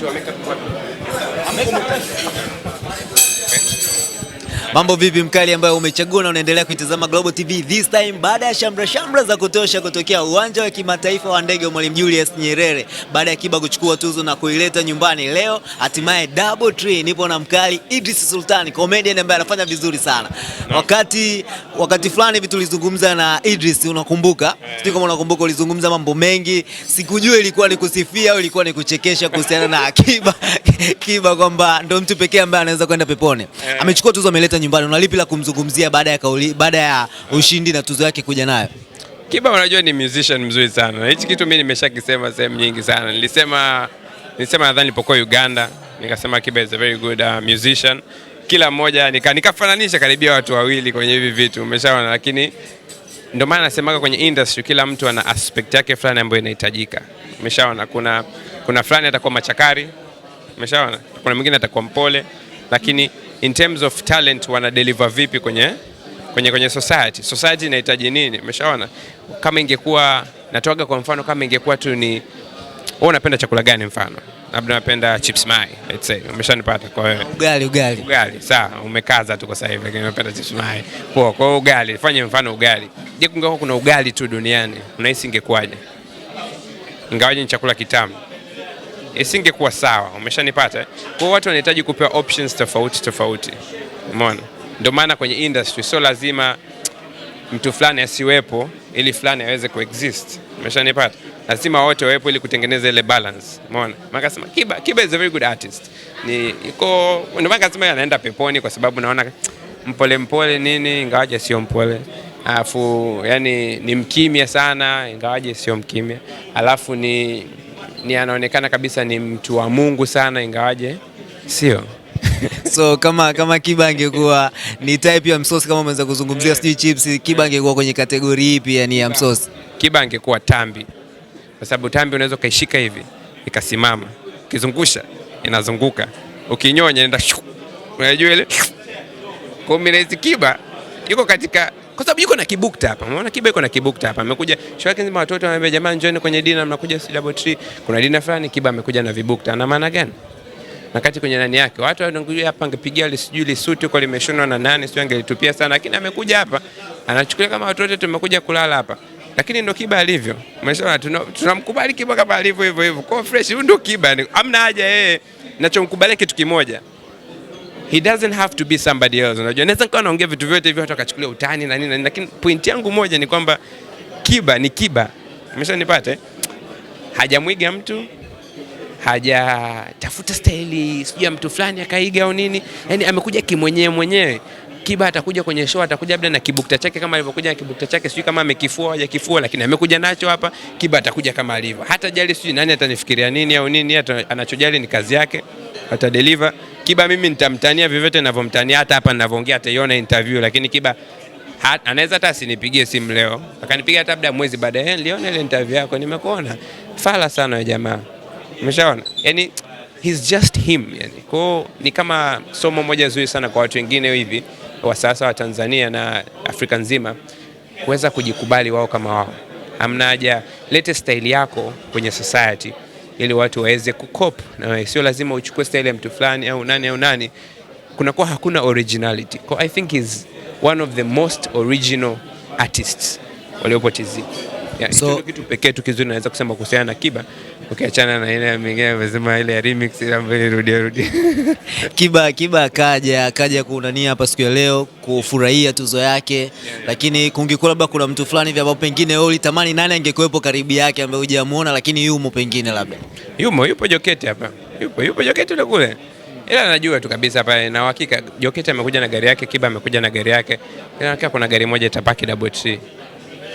Yo, me Mambo vipi mkali ambayo umechagua na unaendelea kuitazama Global TV this time, baada ya shamra shamra za kutosha kutokea uwanja wa kimataifa wa ndege wa Mwalimu Julius Nyerere, baada ya Kiba kuchukua tuzo na kuileta nyumbani, leo hatimaye Double Tree, nipo na mkali Idris Sultan, comedian ambaye anafanya vizuri sana no. Wakati wakati fulani hivi tulizungumza na Idris, unakumbuka? Eh. Sio kama unakumbuka, ulizungumza mambo mengi, sikujua ilikuwa ni kusifia au ilikuwa ni kuchekesha kuhusiana na Kiba Kiba kwamba ndio mtu pekee ambaye anaweza kwenda peponi. yeah. Amechukua tuzo ameleta nyumbani, lipi la kumzungumzia baada ya kauli, baada ya ushindi na tuzo yake kuja nayo? Kiba, unajua ni musician mzuri sana, na hichi kitu mimi nimeshakisema sehemu nyingi sana. Nilisema nilisema nadhani nilipokuwa Uganda, nikasema Kiba is a very good uh, musician. Kila mmoja nika, nikafananisha karibia watu wawili kwenye hivi vitu umeshaona, lakini ndio maana nasemaga kwenye industry kila mtu ana aspect yake fulani ambayo inahitajika. Umeshaona, kuna kuna fulani atakuwa machakari, umeshaona, kuna mwingine atakuwa mpole, lakini in terms of talent wana deliver vipi kwenye, kwenye, kwenye society. Society inahitaji nini? Umeshaona kama ingekuwa natoaga kwa mfano kama ingekuwa tu ni wewe unapenda chakula gani, mfano labda unapenda chips mai, let's say, umeshanipata kwa wewe, ugali ugali ugali, sawa, umekaza tu kwa sasa hivi, lakini unapenda chips mai poa. Kwa ugali, fanye mfano ugali. Je, kungekuwa kuna ugali tu duniani, unahisi ingekuwaje? Ingawaje ni chakula kitamu isingekuwa sawa. Umeshanipata? Kwa hiyo watu wanahitaji kupewa options tofauti tofauti, umeona? Ndio maana kwenye industry sio lazima mtu fulani asiwepo ili fulani aweze kuexist. Umeshanipata? Lazima wote wawepo ili kutengeneza ile balance. Umeona? Maka sema Kiba, Kiba is a very good artist. Ni iko ndio maana kasema anaenda peponi kwa sababu naona mpole mpole nini ingawaje sio mpole. Alafu yani ni mkimya sana ingawaje sio mkimya. Alafu ni ni anaonekana kabisa ni mtu wa Mungu sana, ingawaje sio so kama kama Kiba angekuwa ni type ya msosi kama mwanza kuzungumzia sijui chips, Kiba angekuwa kwenye kategori ipi yani ya msosi? Kiba angekuwa tambi, kwa sababu tambi unaweza ukaishika hivi ikasimama, ukizungusha inazunguka, ukinyonya inaenda, unajua ile. Kwa mimi Kiba yuko katika kwa sababu yuko na kibukta hapa. Umeona Kiba yuko na kibukta hapa, amekuja shwaki nzima, watoto wameambia jamaa, njoni kwenye dina, mnakuja si double tree, kuna dina fulani, Kiba amekuja na vibukta. Ana maana gani? na kati kwenye nani yake watu wanakuja hapa, angepigia ile sijui ile suti huko limeshonwa na nani, sio angelitupia sana, lakini amekuja hapa anachukulia kama watu wote tumekuja kulala hapa, lakini ndio Kiba alivyo. Umesema tunamkubali Kiba kama alivyo hivyo hivyo, kwa fresh. Huyu ndo Kiba, amna haja yeye. ninachomkubalia kitu kimoja He doesn't have to be somebody else. Unajua, naweza nikawa naongea vitu vyote hivyo, hata akachukulia utani na nini, lakini point yangu moja ni kwamba Kiba ni Kiba, umeshanipata. Eh? Hajamwiga mtu, hajatafuta staili sijui ya mtu fulani akaiga au nini, yani amekuja kimwenyewe mwenyewe. Kiba atakuja kwenye show, atakuja labda na kibukta chake kama alivyokuja na kibukta chake, sijui kama amekifua au hajakifua, lakini amekuja nacho hapa. Kiba atakuja kama alivyo, hata jali sijui nani atanifikiria nini au nini, anachojali ni kazi yake, ata deliver Kiba mimi nitamtania vyovyote ninavyomtania, hata hapa ninavyoongea ataiona interview, lakini Kiba anaweza hata asinipigie simu leo, akanipiga hata labda mwezi baadaye, eh, niliona ile interview yako, nimekuona fala sana ya jamaa, umeshaona yani, he's just him yani. Kwa ni kama somo moja zuri sana kwa watu wengine hivi wa sasa wa Tanzania na Afrika nzima kuweza kujikubali wao kama wao, amna haja lete style yako kwenye society ili watu waweze kukopa, na sio lazima uchukue style ya mtu fulani au nani au nani, kunakuwa hakuna originality. So I think he's one of the most original artists waliopo TZ. Yeah, so, kitu pekee tu kizuri naweza kusema kuhusiana na Kiba ukiachana na ile mingine amesema ile ya remix ile ambayo rudia rudia. Kiba Kiba akaja akaja kunania hapa siku ya leo kufurahia tuzo yake yeah, yeah. Lakini kungekuwa labda kuna mtu fulani hivi ambao pengine wewe ulitamani nani angekuepo karibu yake ambaye hujamuona, lakini yumo pengine labda yumo yupo Joketi hapa yupo yupo Joketi ule kule ila najua tu kabisa hapa na uhakika Joketi amekuja na gari yake, Kiba amekuja na gari yake, ila kuna gari moja itapaki double tree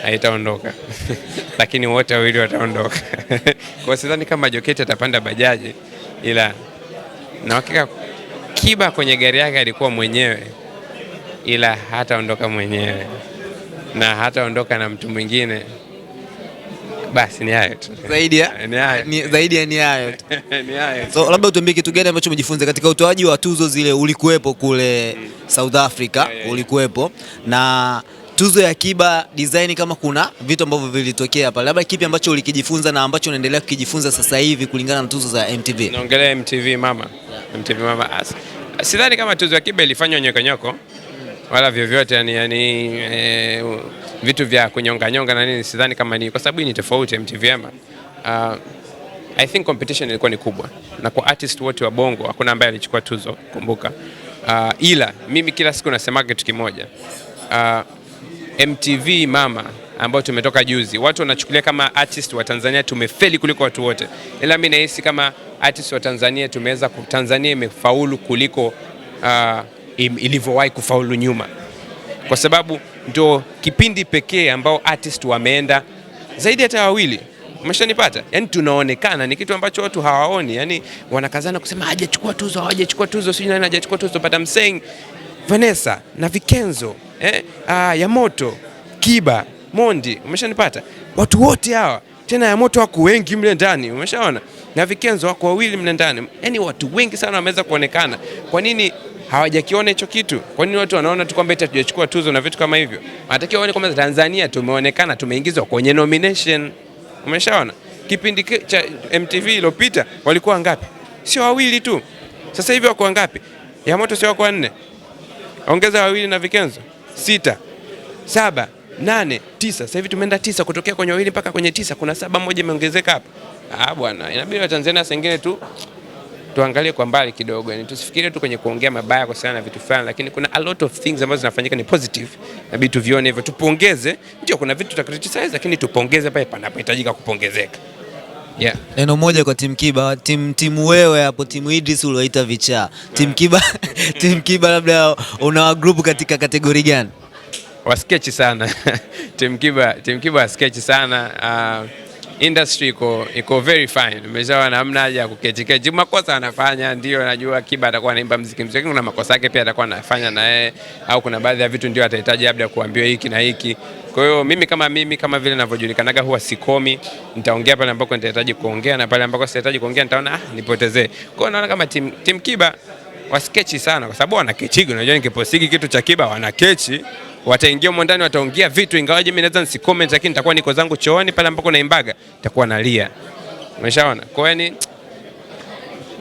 haitaondoka lakini wote wawili wataondoka. Kwa sidhani kama joketi atapanda bajaji, ila na hakika Kiba kwenye gari yake alikuwa mwenyewe, ila hataondoka mwenyewe na hataondoka na mtu mwingine. Basi ni hayo tu, zaidi ya ni hayo tu. So labda utuambie kitu gani ambacho umejifunza katika utoaji wa tuzo zile, ulikuwepo kule South Africa, ulikuwepo na tuzo ya Kiba Design, kama kuna vitu ambavyo vilitokea pale, labda kipi ambacho ulikijifunza na ambacho unaendelea kukijifunza sasa hivi kulingana na tuzo za MTV? Naongelea MTV mama, yeah. MTV mama, sidhani kama tuzo ya Kiba ilifanywa nyokonyoko mm. wala vyovyote yani, yani e, vitu vya kunyonga nyonga na nini, sidhani kama ni kwa sababu ni tofauti MTV ama uh, I think competition ilikuwa ni kubwa na kwa artist wote wa Bongo hakuna ambaye alichukua tuzo, kumbuka. Uh, ila mimi kila siku nasemaga kitu kimoja uh, MTV Mama ambayo tumetoka juzi, watu wanachukulia kama artist wa Tanzania tumefeli kuliko watu wote, ila mimi nahisi kama artist wa Tanzania tumeweza, Tanzania imefaulu kuliko uh, ilivyowahi kufaulu nyuma, kwa sababu ndio kipindi pekee ambao artist wameenda zaidi hata wawili Umeshanipata? Yaani tunaonekana ni kitu ambacho watu hawaoni, yaani wanakazana kusema hajachukua tuzo, hajachukua tuzo, sijui nani hajachukua tuzo, but I'm saying Vanessa na Vikenzo eh, ah, moto Kiba Mondi, umeshanipata? Watu wote hawa tena, Yamoto wako wengi mle ndani, umeshaona na Vikenzo wako wawili mle ndani, yani watu wengi sana wameweza kuonekana. Kwa nini hawajakiona hicho kitu? Kwa nini watu wanaona tu kwamba hatujachukua tuzo na vitu kama hivyo? Wanatakiwa waone kwamba Tanzania tumeonekana, tumeingizwa kwenye nomination, umeshaona? Kipindi cha MTV iliyopita walikuwa ngapi? Sio wawili tu, sasa hivi wako ngapi? Yamoto sio wako wanne ongeza wawili na vikenzo sita, saba, nane, tisa. Sasa hivi tumeenda tisa, kutokea kwenye wawili mpaka kwenye tisa, kuna saba moja imeongezeka hapa. Ah bwana, inabidi Watanzania sengine tu tuangalie kwa mbali kidogo, yani tusifikirie tu kwenye kuongea mabaya kwa sana vitu fulani, lakini kuna a lot of things ambazo zinafanyika ni positive, inabidi tuvione hivyo, tupongeze. Ndio, kuna vitu tutakriticize, lakini tupongeze pale panapohitajika kupongezeka. Yeah. Neno moja kwa Tim Kiba, Tim timu wewe hapo timu Idris uliwaita vichaa. timu Kiba, Tim Kiba labda una group katika kategori gani? Waskechi sana. timu Kiba, timu Kiba waskechi sana. Uh, industry iko iko very fine, umeshaona namna haja ya kuketi keti. Makosa anafanya ndio, najua Kiba atakuwa anaimba muziki mzuri, kuna makosa yake pia atakuwa anafanya na yeye, au kuna baadhi ya vitu ndio atahitaji labda kuambiwa hiki na hiki. Kwa hiyo mimi kama mimi kama vile ninavyojulikanaga, huwa sikomi, nitaongea pale ambako nitahitaji kuongea na pale ambako sitahitaji kuongea nitaona ah, nipotezee. Kwa hiyo naona kama team, team Kiba wasikechi sana, kwa sababu wanakechiga. Unajua nikipostigi kitu cha Kiba wanakechi wataingia humo ndani, wataongea vitu, ingawaje mimi naweza nisi comment, lakini nitakuwa niko zangu chooni pale ambako naimbaga, nitakuwa nalia. Umeshaona? Kwa yani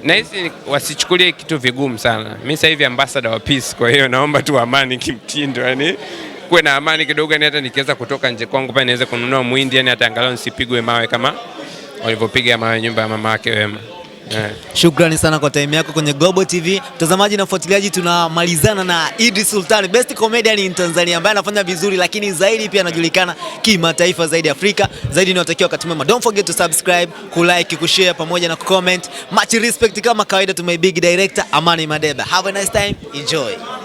nahisi wasichukulie kitu vigumu sana. Mimi sasa hivi ambassador wa peace, kwa hiyo naomba tu amani kimtindo, yani kuwe na amani kidogo, yani hata nikiweza kutoka nje kwangu pale niweze kununua mwindi, yani hata angalau nisipigwe mawe kama walivyopiga mawe nyumba ya mama yake Wema yeah. Shukrani sana kwa time yako kwenye Global TV. Mtazamaji na mfuatiliaji, tunamalizana na Idris Sultan, best comedian in Tanzania ambaye anafanya vizuri, lakini zaidi pia anajulikana kimataifa zaidi Afrika zaidi. Niwatakia wakati mwema, don't forget to subscribe, ku like, ku share pamoja na ku comment. Much respect kama kawaida to my big director Amani Madeba. Have a nice time, enjoy.